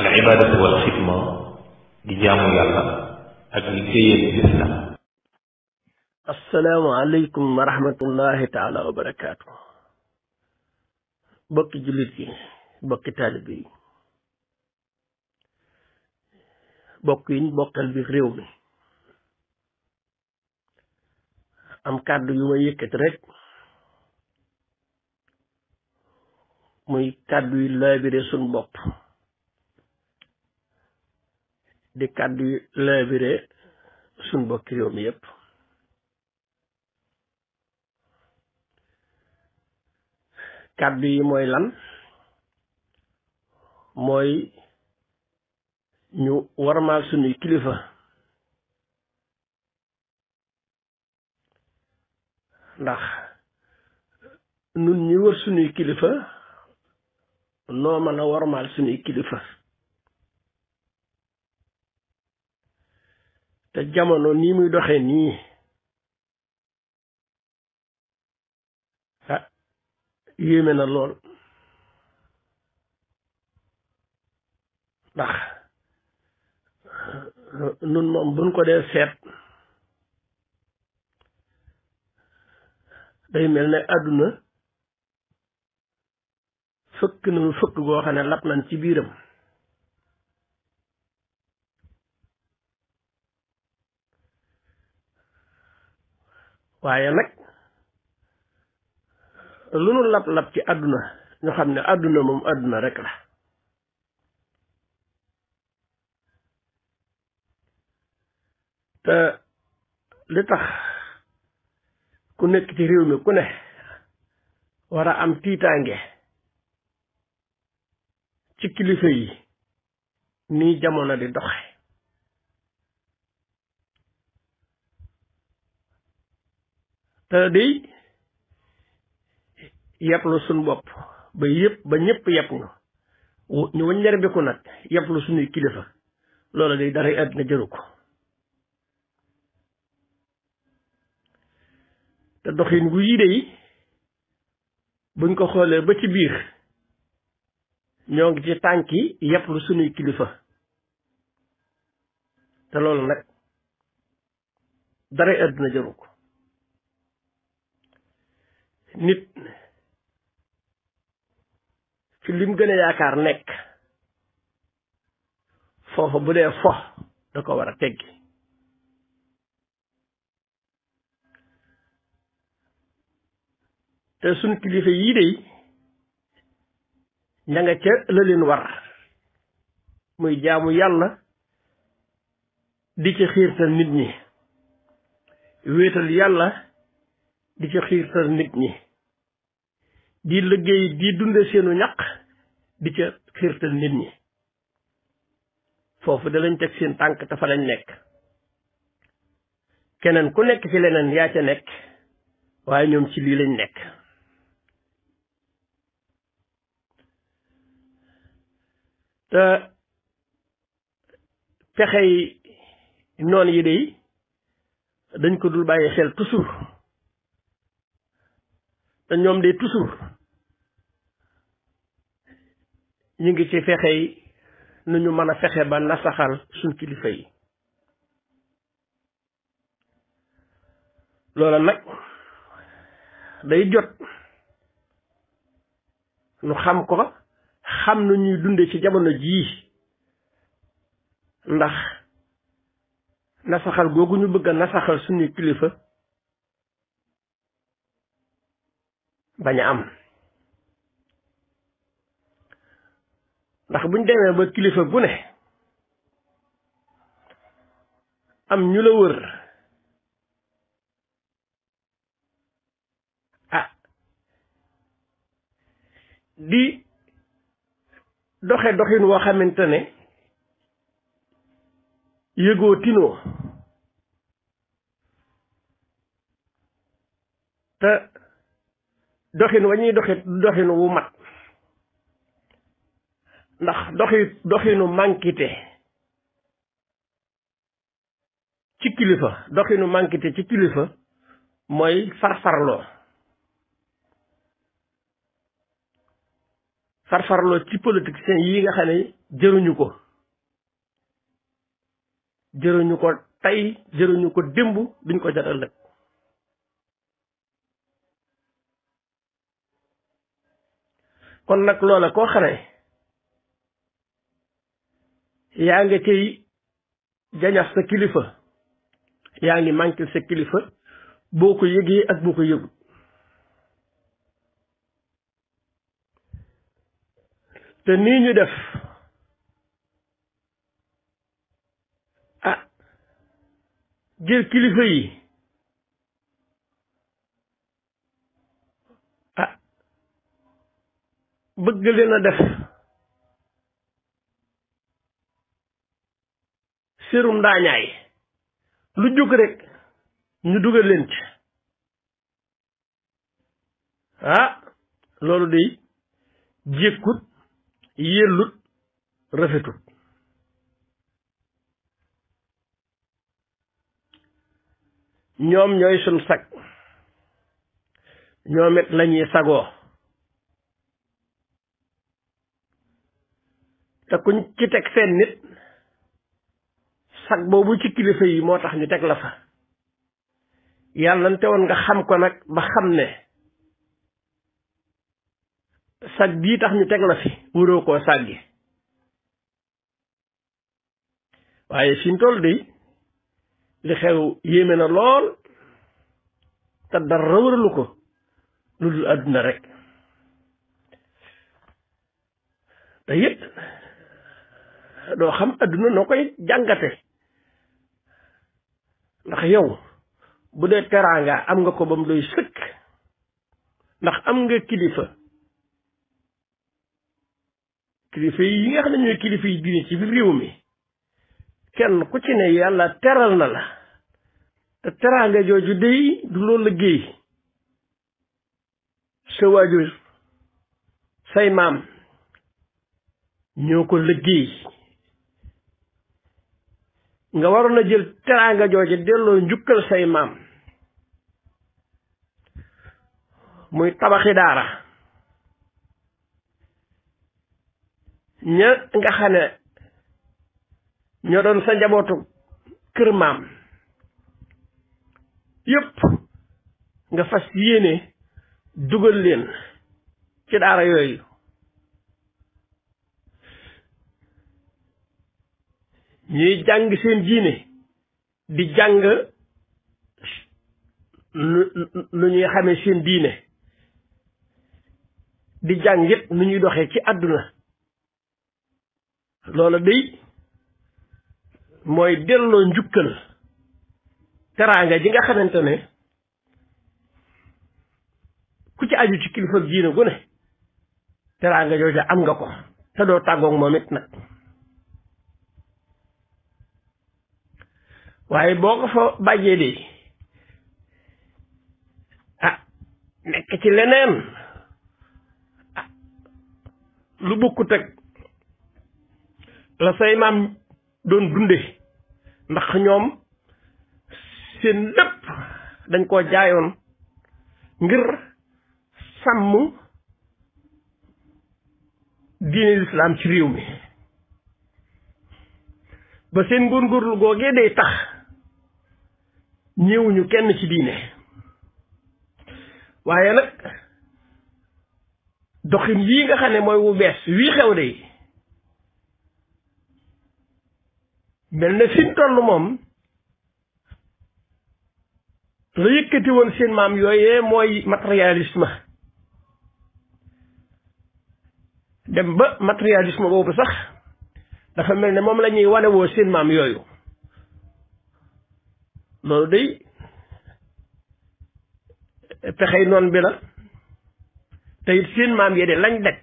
al ibadatu wal xidma di jaamu réew mi am kàddu yu may yëkkati rek muy kàddu yu laabire suñ bopp di kàddu yu laabire suñ bokki réew yépp kàddu yi mooy lan mooy ñu warmaal suñuy kilifa ndax nun ñi wër suñuy kilifa noo mën a warmaal kilifa te jamono nii muy doxee nii ah yéeme na lool ndax nun moom buñ ko dee seet day mel ne àdduna fëkk nañu fëkk goo xam ne lap nañ ci biiram waaye nag lu nu lab-lab ci àdduna ñu xam ne àdduna moom àdduna rek la te li tax ku nekk ci réew mi ku ne war a am tiitaange ci kilifa yi nii jamono di doxe te day yab lu suñ bopp ba yëpp ba ñëpp yab ñu ñu waññeer bi ko nag yab lu suñuy kilifa loola day dara àddina jëru ko te doxin gu yii dey buñ ko xoolee ba ci biir ñoo ngi ci tànki yab lu suñuy kilifa te loolu nag dara àddina jëru nit fi lim gën a yaakaar nekk foofa bu dee fo da ko war a teggi te suñ kilifa yii dey ña nga ca la leen war muy jaamu yàlla di ci xiirtal nit ñi wéetal yàlla di ci xiirtal nit ñi di liggéey di dunde seenu ñax di ca xiirtal nit ñi foofu dalañ teg seen tànk te fa lañ nekk keneen ku nekk ci leneen yaa ca nekk waaye ñoom ci lii lañ nekk te yi noon yi day dañ ko dul bàyyi xel toujours te ñoom de toujours ñu ngi ci fexe yi nu ñu mën a fexe ba nasaxal suñ kilifa yi loola nag day jot nu xam ko xam na ñuy dunde ci jamono jii ndax nasaxal googu ñu bëgg a nasaxal suñuy kilifa bañ a am ndax buñ demee ba kilifa gu ne am ñu la wër ah di doxe doxin woo xamante ne yëgoo tinoo te doxin wa ñuy doxit doxin wu mat ndax doxi doxinu mànkite ci kilifa doxinu mànkite ci kilifa mooy farfarloo farfarloo ci politique seen yi nga xam ne jëruñu ko jëruñu ko tey jëruñu ko démb duñ ko jaral nag kon nag loola koo xam yaa nga cay jañax sa kilifa yaa ngi manqué sa kilifa boo ko yëgee ak boo ko yëgut te nii ñu def ah jël kilifa yi ah bëgg leen def cërum ndaañaay lu jóg rek ñu dugal leen ah loolu day jékkut yellut rafetut ñoom ñooy sun sag ñoom it lañuy sagoo te kuñ ci teg seen nit sag boobu ci kilifa yi moo tax ñu teg la fa yàlla te woon nga xam ko nag ba xam ne sag bii tax ñu teg la fi wuroo koo sàggi waaye fi mu toll de li xew yéeme na lool te dara waralu ko lu dul àdduna rek te it doo xam àdduna noo koy jàngate ndax yow bu dee teraanga am nga ko ba mu doy sëkk ndax am nga kilifa kilifa yi nga xam ne ñooy kilifa yi diine ci biir réew mi kenn ku ci ne yàlla teral na la te teraanga jooju day du loolu liggéey sa waajur say maam ñoo ko liggéey nga waroon a jël teraanga jooje delloo njukkal say maam muy tabaxi daara ña nga xam ne doon sa njabootu kër maam yëpp nga fas yéene dugal leen ci daara yooyu ñuy jàng seen diine di jàng lu lu ñuy xamee seen diine di jàng it nu ñuy doxee ci àdduna loola day mooy delloo njukkal teraanga ji nga xamante ne ku ci aju ci kilifa diine gu ne teraanga jooja am nga ko te doo tàggoog moom it nag waaye boo ko fa bàjjee di ah nekk ci leneen ah lu bokkut ak la say maam doon dunde ndax ñoom seen lépp dañ koo jaayoon ngir sàmm diine lislaam ci réew mi ba seen góorgóorlu googee day tax ñëwuñu kenn ci diine waaye la doxin yii nga xam ne mooy wu bees wii xew de mel na fi ñu moom la yëkkati woon seen maam yooyee mooy matérialisme dem ba matérialisme boobu sax dafa mel ne moom la ñuy wanewoo seen maam yooyu loolu day pexey noon bi la te seen maam yee de lañ daj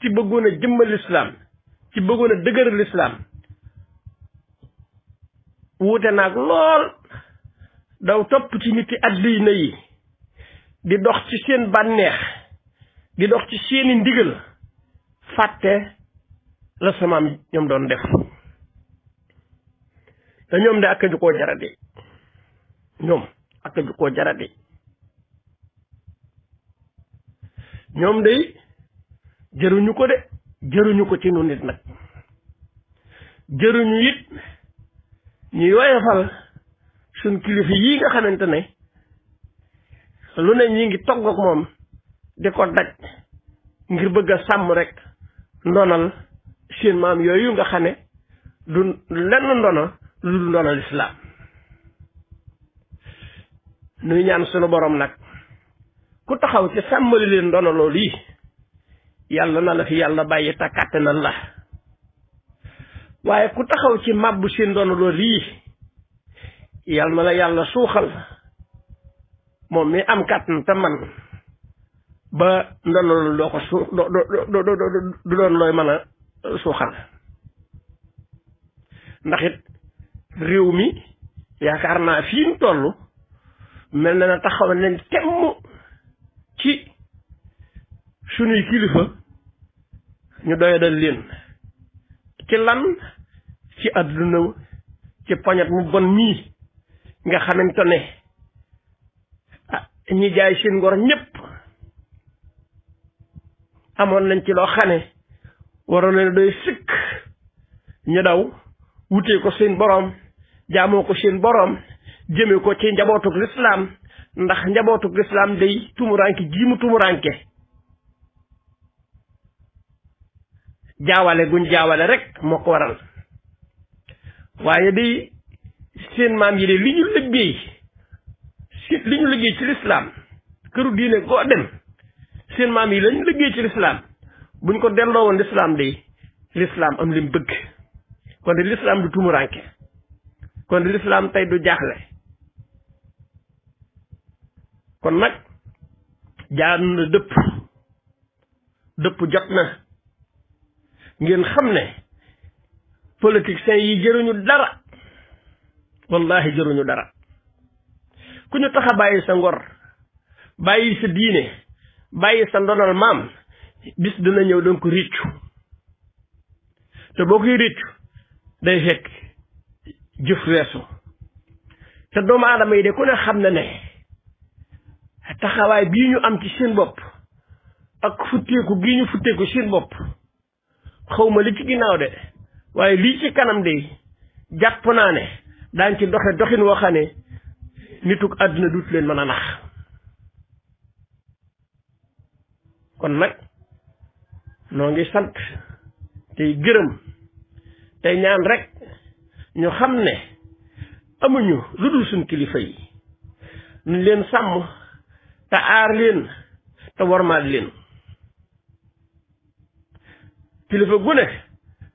ci bëggoon a jëmmal lislaam ci bëggoon a dëgëral lislaam wuute naag lool daw topp ci nit yi àddina yi di dox ci seen bànneex di dox ci seeni ndigal fàtte la samaam ñoom doon def te ñoom de ak ju koo jarade ñoom ak koo jarade ñoom de jëruñu ko de jëruñu ko ci nu nit nag jëruñu it ñuy woyofal suñ kilifa yii nga xamante ne lu ne ñi ngi togg ak moom di ko daj ngir bëgg a sàmm rek ndonal seen maam yooyu nga xam ne du lenn ndono lu dul ndono lislaam nuy ñaan sunu borom nag ku taxaw ci sàmmali leen ndono loolu yi yàlla na la fi yàlla bàyyi te kàttanal la waaye ku taxaw ci màbbu seen ndono loolu yi yàlla na la yàlla suuxal moom mi am kàttan te man ba ndono loolu doo ko suux du doon looy mën a suuxal ndax it réew mi yaakaar naa fii ñu toll mel na na taxaw nañ temm ci suñuy kilifa ñu doyadal leen ci lan ci àdduna ci poñet mu bon mii nga xamante ne ah, ñi jaay seen ngor ñëpp amoon nañ ci loo xam waroon leen doy sikk ñu daw wutee ko seen boroom jaamoo ko seen boroom jëme ko ci njabootug lislaam ndax njabootug lislaam day tumuranke gii mu tumuranke jaawale guñ jaawale rek moo ko waral waaye day seen maam yi de li ñu liggéey li ñu liggéey ci lislaam këru diine goo dem seen maam yi lañ liggéey ci lislaam buñ ko delloo woon lislaam day lislaam am lim bëgg kon de lislaam du tumuranke kon lislaam tey du jaaxle kon nag jaan na dëpp dëpp jot na ngeen xam ne politiciens yi jëruñu dara wallahi jëruñu dara ku ñu tax bàyyi sa ngor bàyyi sa diine bàyyi sa ndonal maam bis dina ñëw danga ko réccu te boo koy réccu day fekk jëf weesu te doomu aadama yi de ku ne xam na ne taxawaay bii ñu am ci seen bopp ak futteeku gii ñu futteeku seen bopp xawma li ci ginnaaw de waaye lii ci kanam de jàpp naa ne daañ ci doxe doxin woo xam ne nituk àddina duut leen mën a nax kon nag noo ngi sant tey gërëm tey ñaan rek ñu xam ne amuñu lu dul suñ kilifa yi ñu leen sàmm te aar leen te warmaal leen kilifa gu ne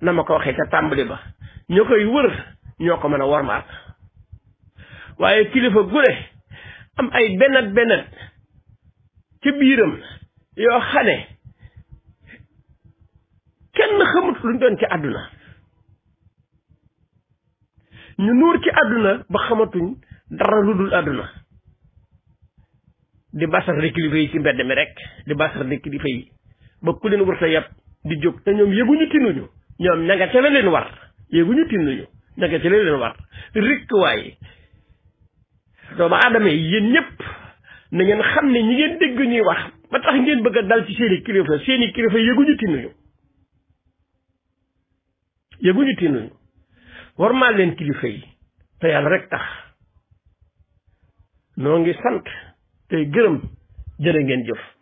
na ma ko waxee ca tàmbali ba ñu koy wër ñoo ko mën a warmaal waaye kilifa gu am ay bennet bennet ci biiram yoo xane kenn xamut luñ doon ci àdduna ñu nuur ci àdduna ba xamatuñ dara lu dul àdduna di basar di kilifa yi ci mbedd mi rek di basar di kilifa yi ba ku leen war sa yàpp di jóg te ñoom yëguñu tinuñu ñoom ña nga ca la leen war yëguñu tinuñu ña nga ca la leen war rikk waaye doomu aadama yi yéen ñëpp na ngeen xam ne ñi ngeen dégg ñuy wax ba tax ngeen bëgg a dal ci seeni kilifa seeni kilifa yëguñu tinuñu yëguñu tinuñu war maa leen kilifa yi te tax noo ngi sant tey gërëm jërë ngeen jëf